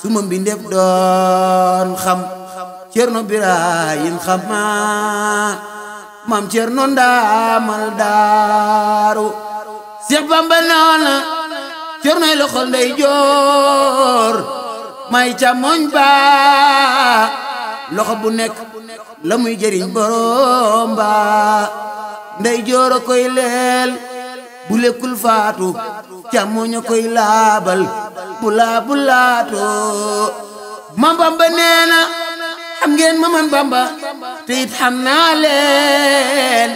suma mbindeef doon xam cerno Birahim xama maam cerno ndaamal daaru Seex Bamba noona cernoy loxol ndey joor may càmmoñ ba loxo bu nekk la muy jëriñ borom ba ndey joor koy leel bu lekkul faatu càmmoñ koy laabal bulaa bulaatoo ma bamba nee xam ngeen ma man bamba te it xam naa leen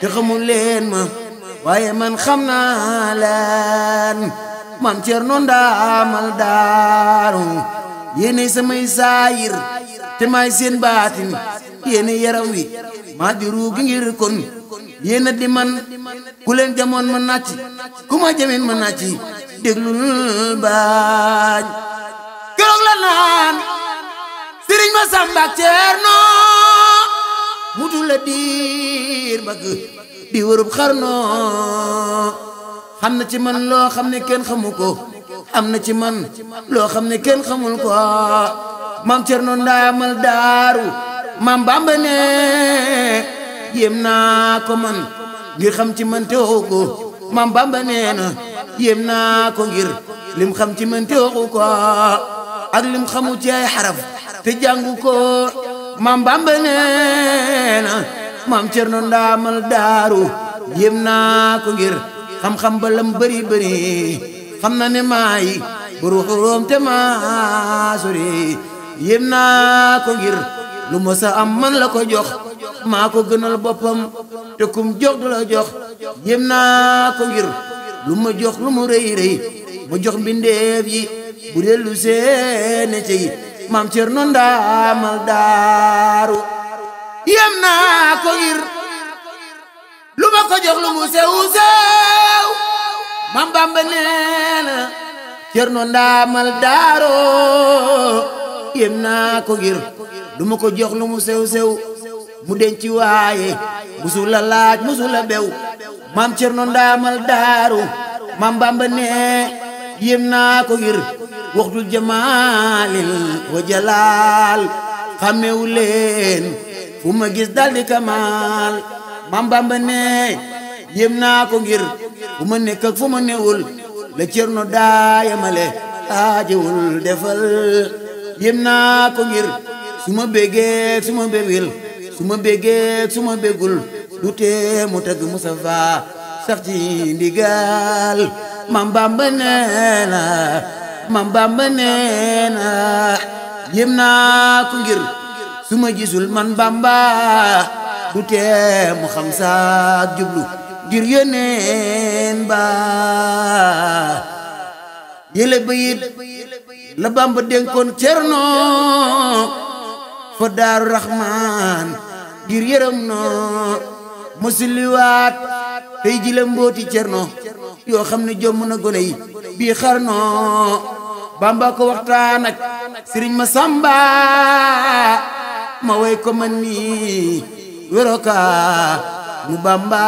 te xamu leen ma waaye man xam naa leen maam Cerno ndaamal daaru yéenay samay saayir te maay seen baatin yéenay yaram wi maa di ruugi ngir kon yéena di man ku leen jamoon ma nàcc ku ma jamin ma nàcc déglul baañ keroog la naan sëriñ ma samba ceerno mutu la diir bëgg di wërub xarno xam na ci man loo xam ne kenn xamu ko am na ci man loo xam ne kenn xamul ko maam ceerno ndaamal daaru maam bamba ne yéem naa ko man ngir xam ci man teewoo ko maam bamba nee na yéem naa ko ngir lim xam ci mënti waxu ko ak lim xamu ci ay xaraf te jàngu ko maam Bamba nee na maam ndaamal daaru yéem naa ko ngir xam-xam ba bëri bëri xam na ne maay buru te maa sori yéem naa ko ngir lu mës am man la ko jox maa ko gënal boppam te kum jox du la jox yéem naa ko ngir lu ma jox lu mu rëy rëy ma jox mbindeef yi bu dellu seene ci maam Cerno ndaamal daaru yem naa ko ngir lu ma ko jox lu mu sew sew maam Bamba nee na Cerno daaru yem naa ko ngir lu ma ko jox lu mu sew sew mu denc waaye musu la laaj musu la bew maam Cerno ndaamal daaru maam Bamba ne yem naa ko ngir waxtul jamaalil wa jalaal xamewu leen fu ma gis daldi kamaal maam Bamba ne yem naa ko ngir fu ma nekk ak fu ma la Cerno daa yamale aajewul defal yem naa ko ngir su ma bégeeg su suma béwil su ma du tee mu tëgg Mustafa sax ci ndigal Maam Bamba nee na Maam Bamba nee na yem naa ko ngir su ma gisul man Bamba du tee jublu ngir yónneen ba yële bayit la Bamba dénkoon cerno fa daaru Rahmaan ngir yërëm noo musiliwaat tey ji la mbooti cerno yoo xam ne jomm na gone yi bii bamba ko waxtaan ak sëriñ ma samba ma way ko man mi weroka nu bamba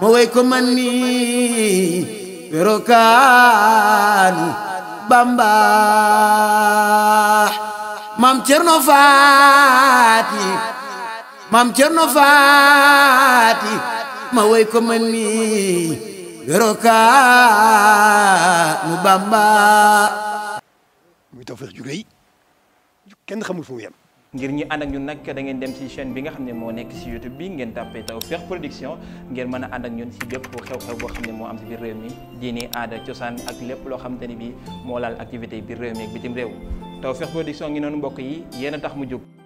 ma way ko man mi weroka nu bamba maam cerno faati maam cerno faati ma woy ko man mii yorokaa mu bamba muy tawfeex ju rëy kenn xamul fu mu yem ngir ñu ànd ak ñun nag dangeen dem ci chaine bi nga xam ne moo nekk ci YouTube bi ngeen tàppee Tawfekh Production ngeen mën a ànd ak ñun ci bépp xew-xew boo xam ne moo am ci biir réew mi diini aada cosaan ak lépp loo xamante ni bi moo laal activité biir réew mi ak bitim réew Tawfekh Production ngi noonu mbokk yi yéen a tax mu jóg